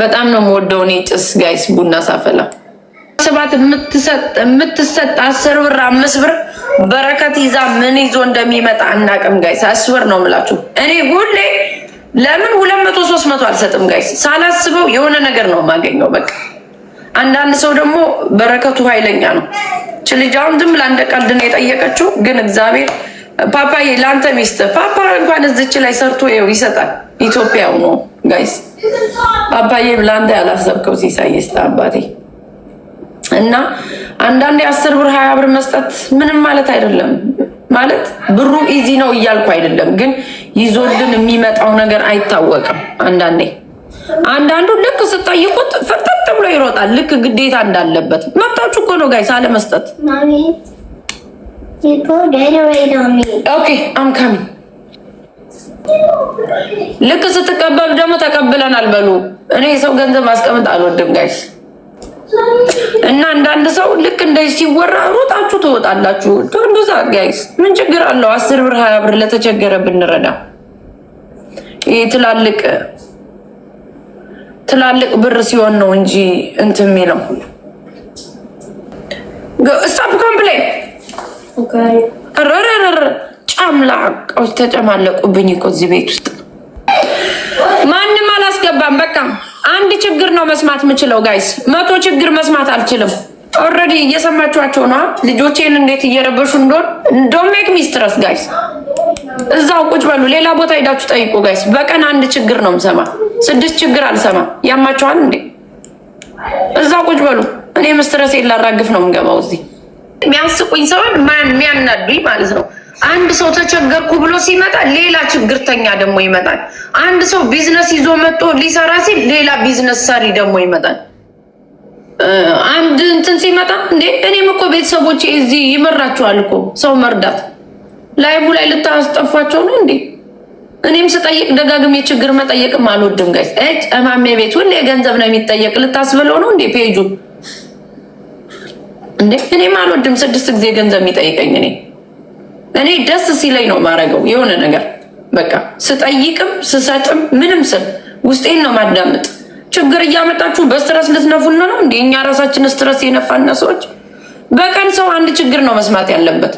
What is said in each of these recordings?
በጣም ነው የምወደው እኔ ጭስ ጋይስ ቡና ሳፈላ ሰባት የምትሰጥ አስር ብር አምስት ብር በረከት ይዛ ምን ይዞ እንደሚመጣ አናቅም ጋይስ። አስበር ነው የምላችሁ እኔ ሁሌ ለምን ሁለት መቶ ሶስት መቶ አልሰጥም ጋይስ። ሳላስበው የሆነ ነገር ነው የማገኘው። በቃ አንዳንድ ሰው ደግሞ በረከቱ ኃይለኛ ነው። ችልጃውን ዝም ብላ እንደ ቀልድ ነው የጠየቀችው፣ ግን እግዚአብሔር ፓፓዬ ለአንተ ሚስት ፓፓ እንኳን እዚች ላይ ሰርቶ ው ይሰጣል። ኢትዮጵያው ነው ጋይስ። ፓፓዬ ለአንተ ያላሰብከው ሲሳይ አባቴ። እና አንዳንዴ አስር ብር ሀያ ብር መስጠት ምንም ማለት አይደለም። ማለት ብሩ ኢዚ ነው እያልኩ አይደለም፣ ግን ይዞልን የሚመጣው ነገር አይታወቅም። አንዳንዴ አንዳንዱ ልክ ስጠይቁት ፍርጠጥ ብሎ ይሮጣል፣ ልክ ግዴታ እንዳለበት። መብታችሁ እኮ ነው ጋይስ አለመስጠት ኦኬ አም ካሚንግ። ልክ ስትቀበሉ ደግሞ ተቀብለናል በሉ። እኔ የሰው ገንዘብ ማስቀመጥ አልወድም ጋይስ እና አንዳንድ ሰው ልክ እንደዚህ ሲወራ ሮጣችሁ ትወጣላችሁ። አንዱ ጋይስ ምን ችግር አለው? አስር ብር ሀያ ብር ለተቸገረ ብንረዳ ይህ ትላልቅ ትላልቅ ብር ሲሆን ነው እንጂ እንትን የሚለው ስታፕ ኮምፕሌን ጫምላቃዎች ተጨማለቁብኝ እኮ እዚህ ቤት ውስጥ ማንም አላስገባም። በቃ አንድ ችግር ነው መስማት የምችለው። ጋይስ መቶ ችግር መስማት አልችልም። ኦልሬዲ እየሰማችኋቸው ነዋ ልጆቼን እንዴት እየረበሹ እንደሆን ዶንት ሜክ ሚ ስትረስ ጋይስ። እዛው ቁጭ በሉ፣ ሌላ ቦታ ሄዳችሁ ጠይቁ ጋይስ። በቀን አንድ ችግር ነው የምሰማ፣ ስድስት ችግር አልሰማም። ያማችኋል እንዴ? እዛው ቁጭ በሉ። እኔ ምስትረስ የላራግፍ ነው የምገባው እዚህ የሚያስቁኝ ሰውን የሚያናዱኝ ማለት ነው። አንድ ሰው ተቸገርኩ ብሎ ሲመጣ ሌላ ችግርተኛ ደግሞ ይመጣል። አንድ ሰው ቢዝነስ ይዞ መጥቶ ሊሰራ ሲል ሌላ ቢዝነስ ሰሪ ደግሞ ይመጣል። አንድ እንትን ሲመጣ እንዴ እኔም እኮ ቤተሰቦች እዚህ ይመራችኋል እኮ ሰው መርዳት ላይቡ ላይ ልታስጠፋቸው ነው እንዴ? እኔም ስጠይቅ ደጋግሜ ችግር መጠየቅም አልወድም። ጋይ እጭ እማሜ ቤት ሁሌ ገንዘብ ነው የሚጠየቅ ልታስብለው ነው እንዴ ፔጁ እንዴ እኔም አልወድም ስድስት ጊዜ ገንዘብ የሚጠይቀኝ እኔ እኔ ደስ ሲለኝ ነው ማረገው የሆነ ነገር በቃ ስጠይቅም ስሰጥም ምንም ስል ውስጤን ነው ማዳምጥ ችግር እያመጣችሁ በስትረስ ልትነፉና ነው እንዲ እኛ ራሳችን ስትረስ የነፋና ሰዎች በቀን ሰው አንድ ችግር ነው መስማት ያለበት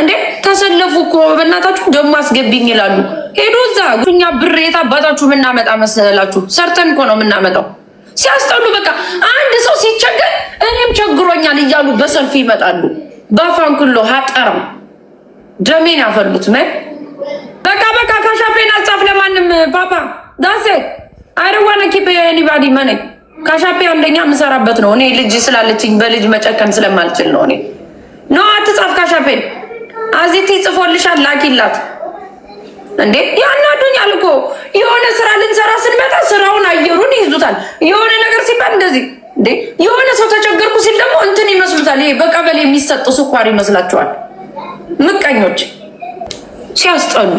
እንዴ ተሰለፉ እኮ በእናታችሁ ደግሞ አስገቢኝ ይላሉ ሄዶ እዛ ጉኛ ብር የት አባታችሁ የምናመጣ መሰላችሁ ሰርተን እኮ ነው የምናመጣው ሲያስጠሉ በቃ አንድ ሰው ሲቸገር እኔም ቸግሮኛል እያሉ በሰልፍ ይመጣሉ። በአፋንኩሎ ሀጠራው ደሜን ያፈሉት መን በቃ በቃ ካሻፔን አጻፍ ለማንም ፓፓ ዳሴ አይረዋነ ኪፕ ኒባዲ መነ ካሻፔ አንደኛ የምሰራበት ነው። እኔ ልጅ ስላለችኝ በልጅ መጨከን ስለማልችል ነው። እኔ ኖ አትጻፍ ካሻፔን አዚቲ ጽፎልሻል ላኪላት እንዴ ያናዱኛል እኮ የሆነ ስራ ልንሰራ ስንመጣ ስራውን አየሩን ይይዙታል። የሆነ ነገር ሲባል እንደዚህ እንዴ የሆነ ሰው ተቸገርኩ ሲል ደግሞ እንትን ይመስሉታል። ይሄ በቀበሌ የሚሰጥ ስኳር ይመስላችኋል። ምቀኞች ሲያስጠሉ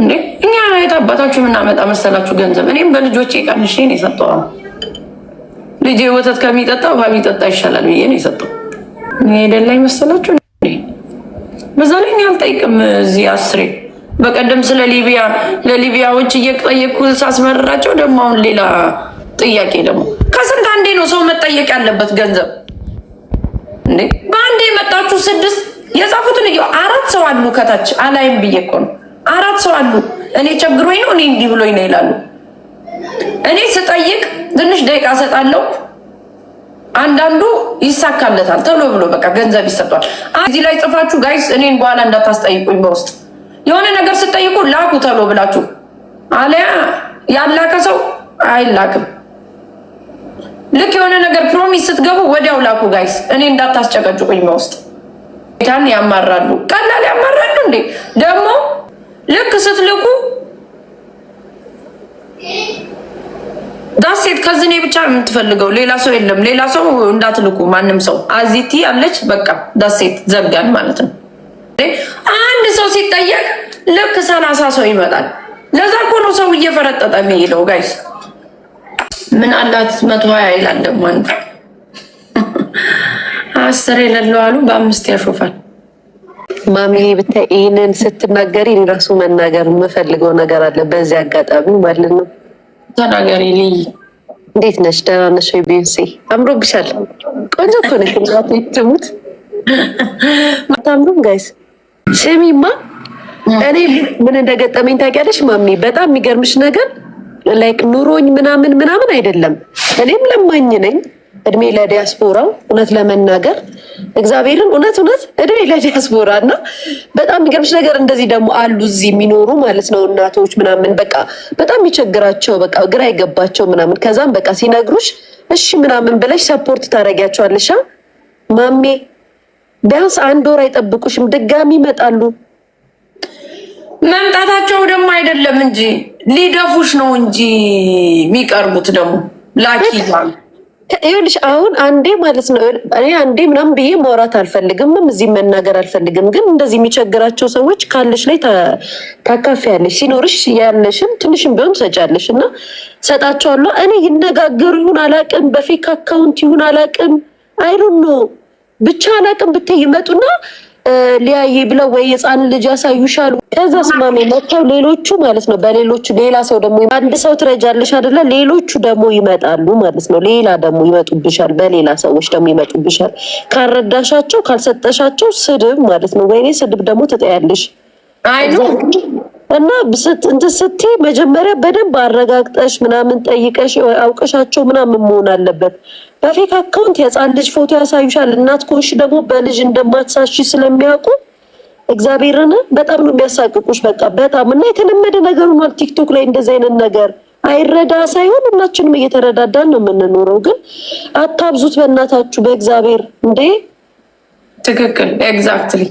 እንዴ እኛ የት አባታችሁ የምናመጣ መሰላችሁ ገንዘብ? እኔም በልጆቼ ቀንሼ ነው የሰጠው። ልጄ ወተት ከሚጠጣ ውሃ ቢጠጣ ይሻላል ብዬ ነው የሰጠው። ደላይ መሰላችሁ? በዛ ላይ እኔ አልጠይቅም እዚህ አስሬ በቀደም ስለ ሊቢያ ለሊቢያዎች እየጠየቅኩ ሳስመረራቸው ደግሞ አሁን ሌላ ጥያቄ ደግሞ ከስንት አንዴ ነው ሰው መጠየቅ ያለበት ገንዘብ እንዴ በአንዴ የመጣችሁ ስድስት የጻፉትን እ አራት ሰው አሉ ከታች አላይም ብዬ እኮ ነው አራት ሰው አሉ እኔ ቸግሮኝ ነው እኔ እንዲህ ብሎኝ ነው ይላሉ እኔ ስጠይቅ ትንሽ ደቂቃ ሰጣለው አንዳንዱ ይሳካለታል ተብሎ ብሎ በቃ ገንዘብ ይሰጧል። እዚህ ላይ ጽፋችሁ ጋይስ እኔን በኋላ እንዳታስጠይቁኝ በውስጥ የሆነ ነገር ስጠይቁ ላኩ ተብሎ ብላችሁ፣ አሊያ ያላከ ሰው አይላክም። ልክ የሆነ ነገር ፕሮሚስ ስትገቡ ወዲያው ላኩ ጋይስ፣ እኔ እንዳታስጨቀጭቁኝ በውስጥ። ጌታን ያማራሉ፣ ቀላል ያማራሉ። እንዴ ደግሞ ልክ ስትልኩ ዳሴት ከዚህ እኔ ብቻ የምትፈልገው ሌላ ሰው የለም። ሌላ ሰው እንዳትልኩ ማንም ሰው አዚቲ አለች። በቃ ዳሴት ዘጋን ማለት ነው። አንድ ሰው ሲጠየቅ ልክ ሰላሳ ሰው ይመጣል። ለዛ እኮ ነው ሰው እየፈረጠጠ የሚለው። ጋይስ ምን አላት መቶ ሀያ ይላል ደግሞ አንዱ አስር የሌለው አሉ በአምስት ያሾፋል። ማሚ ብታይ ይህንን ስትናገሪ ራሱ መናገር የምፈልገው ነገር አለ በዚህ አጋጣሚ ማለት ነው ተናገሪ ልይ እንዴት ነሽ? ደህና ነሽ ወይ? ቢዩንሴ አምሮብሻል። ቆንጆ እኮ ነሽ። ትሙት አታምሩም? ጋይስ ስሚማ፣ እኔ ምን እንደገጠመኝ ታውቂያለሽ? ማሚ፣ በጣም የሚገርምሽ ነገር ላይክ ኑሮኝ ምናምን ምናምን አይደለም። እኔም ለማኝ ነኝ፣ እድሜ ለዲያስፖራው እውነት ለመናገር እግዚአብሔርን እውነት እውነት እድሜ ለዲያስፖራ እና በጣም የሚገርምሽ ነገር እንደዚህ ደግሞ አሉ እዚህ የሚኖሩ ማለት ነው እናቶች ምናምን በቃ በጣም የሚቸግራቸው በቃ ግራ የገባቸው ምናምን ከዛም በቃ ሲነግሩሽ እሺ ምናምን ብለሽ ሰፖርት ታደርጊያቸዋለሽ። ማሜ ቢያንስ አንድ ወር አይጠብቁሽም፣ ድጋሚ ይመጣሉ። መምጣታቸው ደግሞ አይደለም እንጂ ሊደፉሽ ነው እንጂ የሚቀርቡት ደግሞ ላኪ ይኸውልሽ አሁን አንዴ ማለት ነው እኔ አንዴ ምናምን ብዬ ማውራት አልፈልግም፣ እዚህ መናገር አልፈልግም። ግን እንደዚህ የሚቸግራቸው ሰዎች ካለሽ ላይ ታካፊያለሽ፣ ሲኖርሽ ያለሽን ትንሽም ቢሆን ሰጫለሽ እና ሰጣቸዋለሁ። እኔ ይነጋገሩ ይሁን አላቅም፣ በፌክ አካውንት ይሁን አላቅም፣ አይሉን ነው ብቻ አላቅም ብታይ ይመጡና ሊያይ ብለው ወይ ህፃን ልጅ ያሳዩሻሉ። ከዛ ስማሚ መጥተው ሌሎቹ ማለት ነው በሌሎቹ ሌላ ሰው ደግሞ አንድ ሰው ትረጃለሽ አይደለ? ሌሎቹ ደግሞ ይመጣሉ ማለት ነው። ሌላ ደግሞ ይመጡብሻል፣ በሌላ ሰዎች ደግሞ ይመጡብሻል። ካልረዳሻቸው፣ ካልሰጠሻቸው ስድብ ማለት ነው። ወይኔ ስድብ ደግሞ ትጠያለሽ። እና እንትን መጀመሪያ በደንብ አረጋግጠሽ ምናምን ጠይቀሽ አውቀሻቸው ምናምን መሆን አለበት። በፌክ አካውንት የህፃን ልጅ ፎቶ ያሳዩሻል። እናት ኮንሽ ደግሞ በልጅ እንደማትሳሽ ስለሚያውቁ እግዚአብሔርን በጣም ነው የሚያሳቅቁሽ። በቃ በጣም እና የተለመደ ነገር ሆኗል ቲክቶክ ላይ እንደዚህ አይነት ነገር አይረዳ ሳይሆን ሁላችንም እየተረዳዳን ነው የምንኖረው። ግን አታብዙት በእናታችሁ በእግዚአብሔር እንዴ! ትክክል ኤግዛክትሊ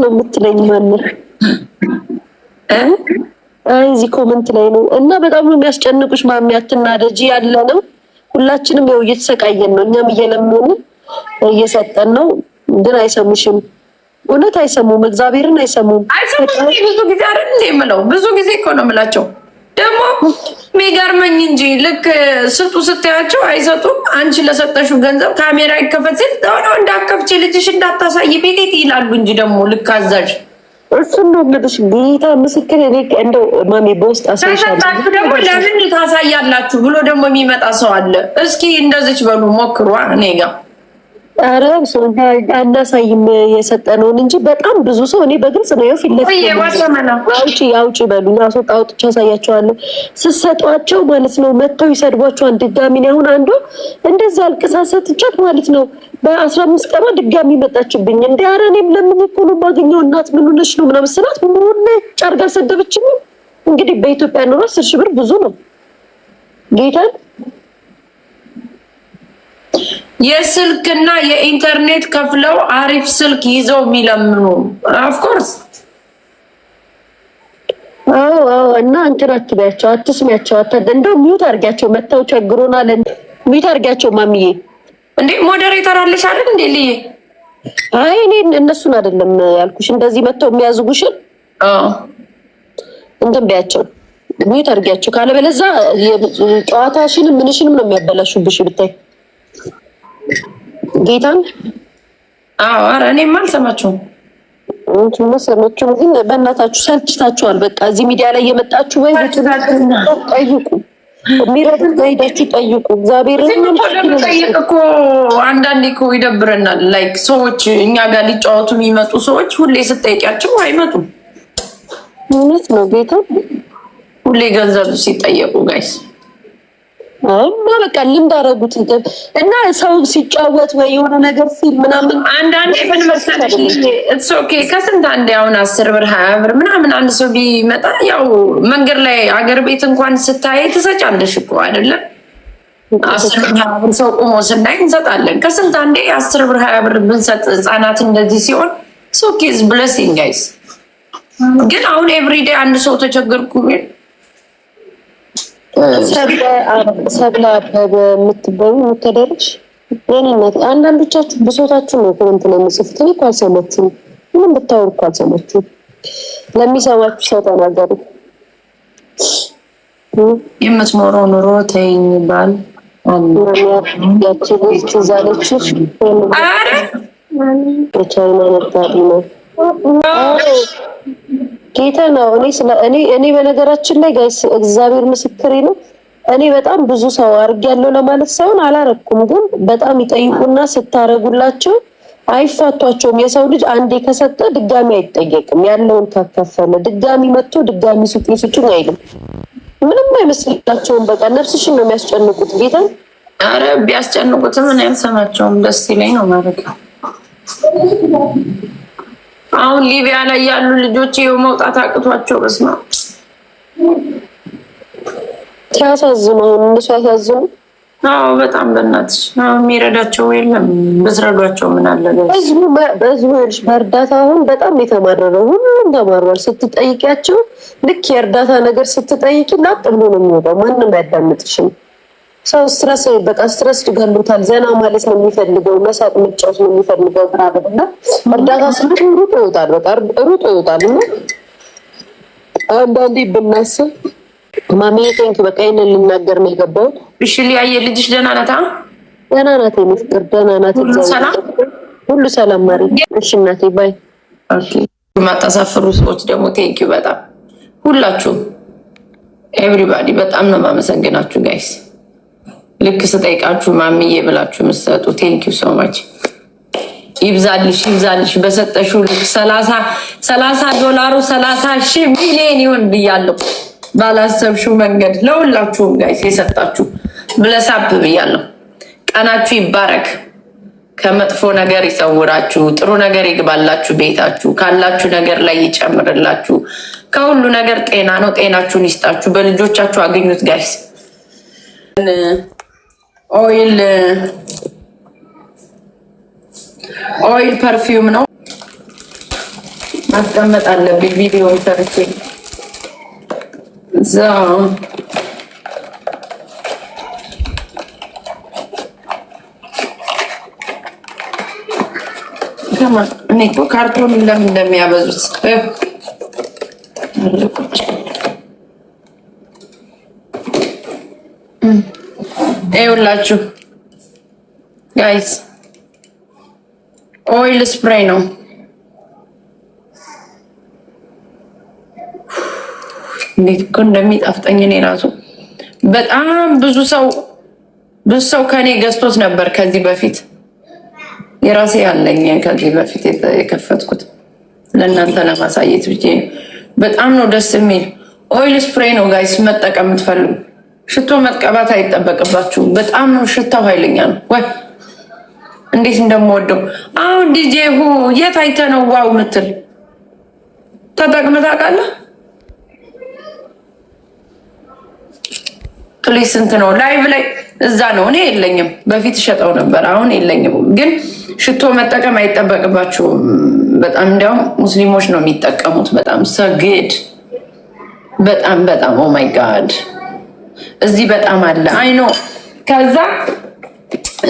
ነው የምትለኝ ማንር እዚህ ኮመንት ላይ ነው እና በጣም ነው የሚያስጨንቁሽ። ማሚ አትናደጂ፣ ነው ሁላችንም ያው እየተሰቃየን ነው። እኛም እየለመኑ እየሰጠን ነው፣ ግን አይሰሙሽም። እውነት አይሰሙም፣ እግዚአብሔርን አይሰሙም። ብዙ ጊዜ አይደል እንደ የምለው ብዙ ጊዜ እኮ ነው የምላቸው። ደግሞ የሚገርመኝ እንጂ ልክ ስጡ ስታያቸው አይሰጡም። አንቺ ለሰጠሹ ገንዘብ ካሜራ ይከፈት ሲል ሆነ እንዳከፍቼ ልጅሽ እንዳታሳይ ቤቴት ይላሉ እንጂ ደግሞ ልክ አዛዥ እሱም ነው እንግዲህ ጌታ ምስክር እንደው ማሚ በውስጥ አሳይሻለሁ ደግሞ ለምን ታሳያላችሁ ብሎ ደግሞ የሚመጣ ሰው አለ። እስኪ እንደዚች በሉ ሞክሯ እኔ ጋር ኧረ አናሳይም የሰጠነውን እንጂ በጣም ብዙ ሰው እኔ በግልጽ ነው ው ፊት ለፊት አውጪ አውጪ በሉኝ፣ አስወጣ አውጥቼ ያሳያቸዋለሁ። ስሰጧቸው ማለት ነው መጥተው ይሰድቧቸዋል። ድጋሚ ነው አሁን አንዷ እንደዛ አልቅሳ ሰጥቻት ማለት ነው በአስራ አምስት ቀኗ ድጋሚ መጣችብኝ። እንዲ ኧረ እኔም ለምን እኮ ነው የማገኘው እናት ምን ሆነሽ ነው ምናምን ስላት ምን ጫርጋ ሰደበችኝ። እንግዲህ በኢትዮጵያ ኑሮ አስር ሺህ ብር ብዙ ነው ጌታን የስልክና የኢንተርኔት ከፍለው አሪፍ ስልክ ይዘው የሚለምኑ ኦፍኮርስ አዎ አዎ እና እንትን አትበያቸው፣ አትስሚያቸው። እንደው ሚዩት አድርጊያቸው፣ መተው ቸግሮናል። ሚውት አድርጊያቸው። ማሚዬ እንዴ ሞዴሬተር አለሽ አይደል? እንዴ ልዬ አይ እኔ እነሱን አይደለም ያልኩሽ፣ እንደዚህ መተው የሚያዝጉሽን እንትን በያቸው፣ ሚዩት አድርጊያቸው። ካለበለዛ ጨዋታሽንም ምንሽንም ነው የሚያበላሹብሽ ብታይ ጌታን አረ እኔ አልሰማችሁም ግን በእናታችሁ ሰልችታችኋል። በቃ እዚህ ሚዲያ ላይ የመጣችሁ ወይ ጠይቁ፣ የሚረዱን ጠይቁ። እግዚአብሔር ጠይቅ እኮ አንዳንዴ እኮ ይደብረናል። ላይክ ሰዎች እኛ ጋር ሊጫወቱ የሚመጡ ሰዎች ሁሌ ስጠይቂያቸው አይመጡም። እውነት ነው ጌታ ሁሌ ገንዘብ ሲጠየቁ ጋይስ አማ በቃ ልምድ አደረጉት እና ሰው ሲጫወት ወይ የሆነ ነገር ሲል ምናምን አንዳንዴ ምን መሰለሽ እሱ ኦኬ ከስንት አንዴ አሁን አስር ብር ሀያ ብር ምናምን አንድ ሰው ቢመጣ ያው መንገድ ላይ አገር ቤት እንኳን ስታይ ትሰጫለሽ እኮ አይደለም አስር ብር ሰው ቁሞ ስናይ እንሰጣለን ከስንት አንዴ አስር ብር ሀያ ብር ብንሰጥ ህፃናት እንደዚህ ሲሆን ኢትስ ብለሲንግ ጋይስ ግን አሁን ኤቭሪዴይ አንድ ሰው ተቸገርኩ ሰብለ አበበ የምትባሉ ወታደሮች የኔነት አንዳንዶቻችሁ ብሶታችሁ ነው ኮመንት ነው የምጽፉት። እኔ እኮ አልሰማችሁም፣ ምንም ብታወሩ እኮ አልሰማችሁም። ለሚሰማችሁ ሰው ተናገሩ። የምትኖረው ኑሮ ተይኝ ይባል ያችን ልጅ ትዝ አለችሽ? ነው ጌታ ነው። እኔ ስለ እኔ እኔ በነገራችን ላይ ጋይስ እግዚአብሔር ምስክሬ ነው። እኔ በጣም ብዙ ሰው አድርጌያለሁ ለማለት ሳይሆን አላረኩም፣ ግን በጣም ይጠይቁና ስታረጉላቸው አይፋቷቸውም። የሰው ልጅ አንዴ ከሰጠ ድጋሚ አይጠየቅም። ያለውን ካካፈለ ድጋሚ መጥቶ ድጋሚ ስጡኝ ስጡኝ አይልም። ምንም አይመስላቸውም። በቃ ነፍስሽን ነው የሚያስጨንቁት ጌታ አረ ቢያስጨንቁትም እኔ አልሰማቸውም። ደስ ይለኝ ነው ማለት ነው። አሁን ሊቢያ ላይ ያሉ ልጆች ይኸው መውጣት አቅቷቸው በስማ ሲያሳዝኑ አሁን ሲያሳዝኑ አዎ በጣም በእናትሽ የሚረዳቸው የለም። ብትረዷቸው ምን አለ ህዝቡ በህዝቡ በእርዳታ አሁን በጣም የተማረረው ሁሉም ተማሯል። ስትጠይቂያቸው ልክ የእርዳታ ነገር ስትጠይቂ ላጥ ብሎ ነው የሚወጣው። ማንም አያዳምጥሽም። ሰው ስትረስ በቃ ስትረስ ይገሉታል። ዘና ማለት ነው የሚፈልገው፣ መሳቅ መጫወት ነው የሚፈልገው። ብራበል እና እርዳታ ስልክ ሩጦ ይወጣል፣ በቃ ሩጦ ይወጣል። እና አንዳንዴ ብናስብ ማሜ ቴንክ በቃ ይህንን ልናገር ነው የገባው። እሺ ሊያየ ልጅሽ ደህና ናት? ደህና ናት፣ የምፍቅር ደህና ናት። ሁሉ ሰላም ማሪ። እሺ እናቴ ባይ። የማታሳፍሩ ሰዎች ደግሞ ቴንክ በጣም ሁላችሁ ኤቭሪባዲ፣ በጣም ነው የማመሰግናችሁ ጋይስ ልክ ስጠይቃችሁ ማሚዬ ብላችሁ የምትሰጡ ቴንኪ ሶ ማች ይብዛልሽ ይብዛልሽ። በሰጠሽው ልክ ሰላሳ ዶላሩ ሰላሳ ሺህ ሚሊዮን ይሆን ብያለሁ። ባላሰብሽው መንገድ ለሁላችሁም ጋይስ የሰጣችሁ ብለሳብ ብያለሁ። ቀናችሁ ይባረክ፣ ከመጥፎ ነገር ይሰውራችሁ፣ ጥሩ ነገር ይግባላችሁ ቤታችሁ፣ ካላችሁ ነገር ላይ ይጨምርላችሁ። ከሁሉ ነገር ጤና ነው። ጤናችሁን ይስጣችሁ። በልጆቻችሁ አግኙት ጋይስ ኦይል ኦይል ፐርፊውም ነው። ማስቀመጥ አለብኝ ቪዲዮ ሰርቼ እዛ እኔ እኮ ካርቶን ለምን እንደሚያበዙት ይኸውላችሁ ጋይስ ኦይል ስፕሬይ ነው። እንዴት እኮ እንደሚጣፍጠኝ እኔ ራሱ በጣም ብዙ ሰው ብዙ ሰው ከኔ ገዝቶት ነበር ከዚህ በፊት የራሴ ያለኝ ከዚህ በፊት የከፈትኩት ለእናንተ ለማሳየት ብዬ በጣም ነው ደስ የሚል ኦይል ስፕሬይ ነው ጋይስ መጠቀም የምትፈልጉ ሽቶ መቀባት አይጠበቅባችሁም። በጣም ሽታው ኃይለኛ ነው። ወይ እንዴት እንደምወደው አሁን ዲጄ ሁ የት አይተ ነው ዋው ምትል ተጠቅመ ታውቃለህ? ፕሊስ ስንት ነው? ላይቭ ላይ እዛ ነው። እኔ የለኝም፣ በፊት ሸጠው ነበር፣ አሁን የለኝም። ግን ሽቶ መጠቀም አይጠበቅባችሁም። በጣም እንዲያውም ሙስሊሞች ነው የሚጠቀሙት። በጣም ሰግድ፣ በጣም በጣም ኦማይ ጋድ እዚህ በጣም አለ አይኖ። ከዛ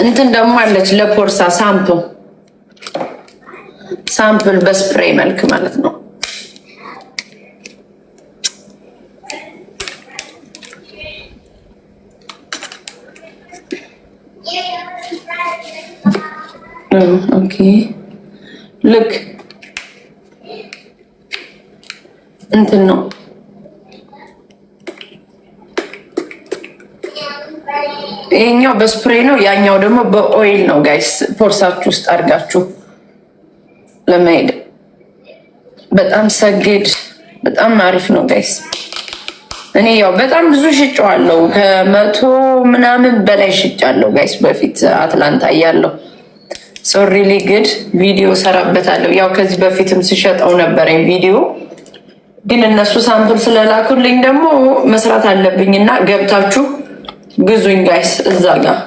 እንትን ደግሞ አለች ለፖርሳ ሳምፕ ሳምፕል በስፕሬ መልክ ማለት ነው። ኦኬ ልክ እንትን ነው ይሄኛው በስፕሬይ ነው፣ ያኛው ደግሞ በኦይል ነው። ጋይስ ፖርሳችሁ ውስጥ አድርጋችሁ ለመሄድ በጣም ሰጌድ በጣም አሪፍ ነው ጋይስ። እኔ ያው በጣም ብዙ ሽጫዋለሁ፣ ከመቶ ምናምን በላይ ሽጫለሁ ጋይስ። በፊት አትላንታ እያለሁ ሶሪሊ ግድ ቪዲዮ ሰራበታለሁ። ያው ከዚህ በፊትም ስሸጠው ነበረኝ ቪዲዮ ግን እነሱ ሳምፕል ስለላኩልኝ ደግሞ መስራት አለብኝ እና ገብታችሁ ግዙኝ ጋይስ እዛ ጋር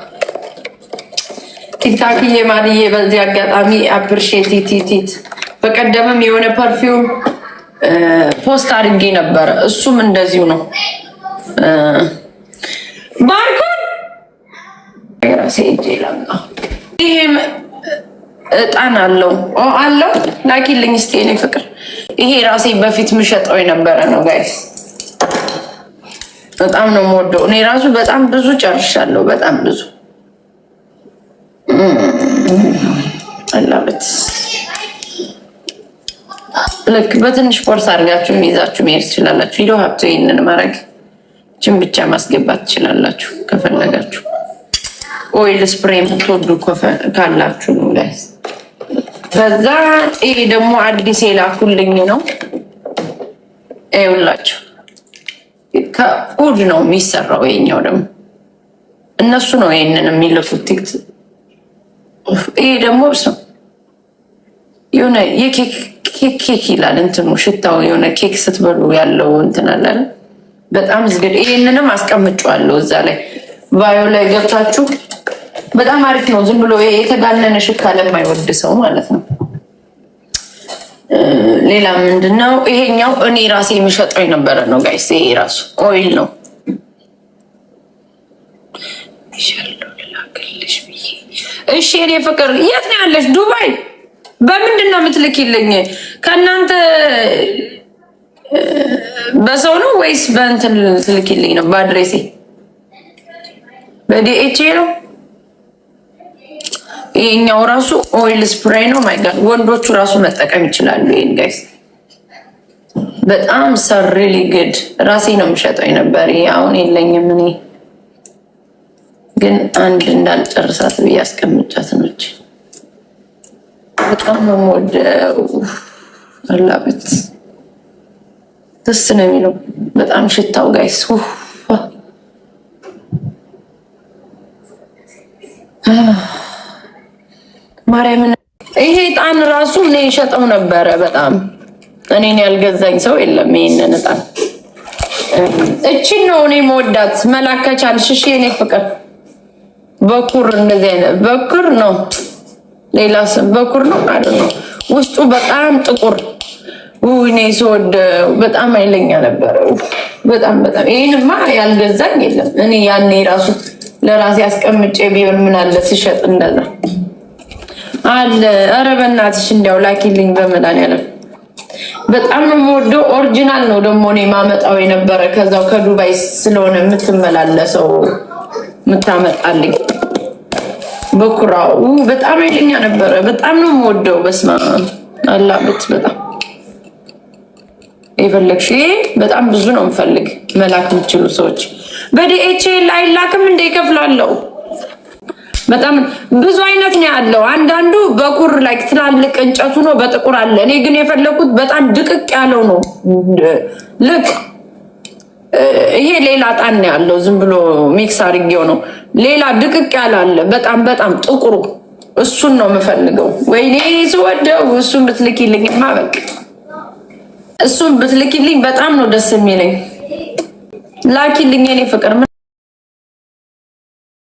ቲክታክ ማርዬ፣ በዚህ አጋጣሚ አፕሪሼት በቀደምም የሆነ ፐርፊውም ፖስት አድርጌ ነበረ። እሱም እንደዚሁ ነው። ባርኩን ይሄም እጣን አለው አለው ላኪልኝ ስቴ ፍቅር። ይሄ ራሴ በፊት ምሸጠው የነበረ ነው ጋይስ በጣም ነው የምወደው። እኔ ራሱ በጣም ብዙ ጨርሻለሁ። በጣም ብዙ አላበት ልክ በትንሽ ፖርስ አድርጋችሁ ይዛችሁ መሄድ ትችላላችሁ። ሂዶ ሀብቶ ይህንን ማድረግ ችን ብቻ ማስገባት ትችላላችሁ። ከፈለጋችሁ ኦይል ስፕሬይ የምትወዱ ካላችሁ ነው ላይ በዛ ይሄ ደግሞ አዲስ የላኩልኝ ነው ይውላችሁ ከኮድ ነው የሚሰራው። ይሄኛው ደግሞ እነሱ ነው ይህንን የሚልኩት ቲክት። ይሄ ደግሞ የሆነ የኬክ ኬክ ይላል እንትኑ ሽታው የሆነ ኬክ ስትበሉ ያለው እንትን አለ። በጣም ዝግድ። ይህንንም አስቀምጫዋለሁ እዛ ላይ ባዮ ላይ ገብታችሁ። በጣም አሪፍ ነው። ዝም ብሎ የተጋነነ ሽታ ለማይወድ ሰው ማለት ነው። ሌላ ምንድን ነው? ይሄኛው እኔ ራሴ የሚሸጠው የነበረ ነው ጋይስ። ይሄ ራሱ ኦይል ነው። እሺ እኔ ፍቅር የት ነው ያለሽ? ዱባይ በምንድን ነው የምትልኪልኝ? ከእናንተ በሰው ነው ወይስ በእንትን ትልኪልኝ ነው? በአድሬሴ በዲኤችኤ ነው ይሄኛው ራሱ ኦይል ስፕሬይ ነው። ማይ ጋድ ወንዶቹ ራሱ መጠቀም ይችላሉ። ይሄን ጋይስ በጣም ሰር ሪሊ ግድ ራሴ ነው የምሸጠው ነበር። አሁን የለኝም እኔ ግን አንድ እንዳልጨርሳት ብዬ አስቀምጫት ነች። በጣም ነው የምወደው። አላበት ደስ ነው የሚለው በጣም ሽታው ጋይስ ይሄ እጣን ራሱ እኔ ይሸጠው ነበረ። በጣም እኔን ያልገዛኝ ሰው የለም። ይሄንን እጣን እችን ነው እኔ መወዳት መላከቻል ሽሽ እኔ ፍቅር በኩር እንደዚህ አይነት በኩር ነው። ሌላ ስም በኩር ነው ማለት ነው። ውስጡ በጣም ጥቁር እኔ ስወድ በጣም አይለኛ ነበረ። በጣም በጣም ይህንማ ያልገዛኝ የለም። እኔ ያኔ ራሱ ለራሴ አስቀምጬ ቢሆን ምናለ ስሸጥ እንደዛ አለ። ኧረ በእናትሽ እንዲያው ላኪልኝ በመድኃኒዓለም በጣም ነው የምወደው። ኦሪጂናል ነው ደግሞ እኔ ማመጣው የነበረ ከዛው ከዱባይ ስለሆነ የምትመላለሰው የምታመጣልኝ በኩራው በጣም ኃይለኛ ነበረ። በጣም ነው የምወደው። በስማ አላበት በጣም የፈለግሽ በጣም ብዙ ነው የምፈልግ መላክ የምችሉ ሰዎች በዲኤችኤል አይላክም እንደ ይከፍላለው በጣም ብዙ አይነት ነው ያለው። አንዳንዱ በኩር ላይ ትላልቅ እንጨቱ ነው በጥቁር አለ። እኔ ግን የፈለኩት በጣም ድቅቅ ያለው ነው። ልክ ይሄ ሌላ ጣን ነው ያለው። ዝም ብሎ ሚክስ አድርጌው ነው። ሌላ ድቅቅ ያለ አለ። በጣም በጣም ጥቁሩ እሱን ነው የምፈልገው። ወይኔ ስወደው እሱን ብትልኪልኝ ማበቅ እሱን ብትልኪልኝ በጣም ነው ደስ የሚለኝ። ላኪልኝ የኔ ፍቅር።